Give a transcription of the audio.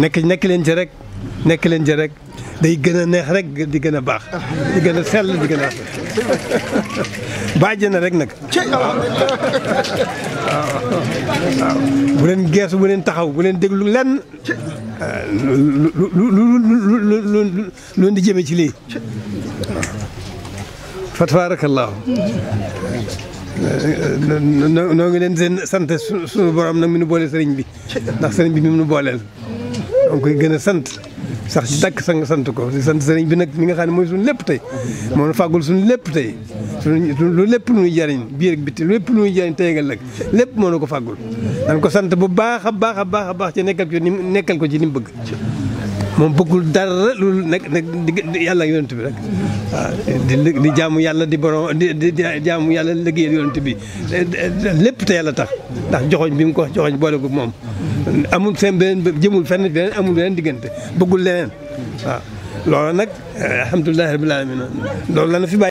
nekk nekk leen ci rek nekk leen ci rek day gën a neex rek di gën a baax di gën a sell di gën a bàjj na rek nag waaw waaw bu leen geesu bu leen taxaw bu leen déglu lenn lu lu lu lu di jëme ci lii fa tabaarakallaahu noo ngi leen di sant suñu borom nag mu nu boole sëriñ bi ndax sëriñ bi mi nu booleel maa ngi koy gën a sant sax si dàkk sant ko di sant sëriñ bi nag mi nga xam ne mooy suñu lépp tey moo nu fàggul suñu lépp tey suñu lu lépp lu ñuy jariñ biir ak lépp lu ñuy jariñ tey ak ëllëg lépp moo nu ko fàggul dan ko sant bu baax a baax a baax a baax ci nekkal ko ni nekkal ko ci ni mu bëgg moom bëggul dara loolu nag nag yàlla ak yonent bi rek waaw di jaamu yàlla di borom di jaamu yàlla liggéeyal yonent bi lépp te yàlla tax ndax joxoñ bi mu ko joxoñ boole ko moom amul seen beneen jëmul fenn beneen amul beneen diggante bëggul leneen waaw loolu nag alhamdulilah rabbil alamin loolu la na fi bàyyi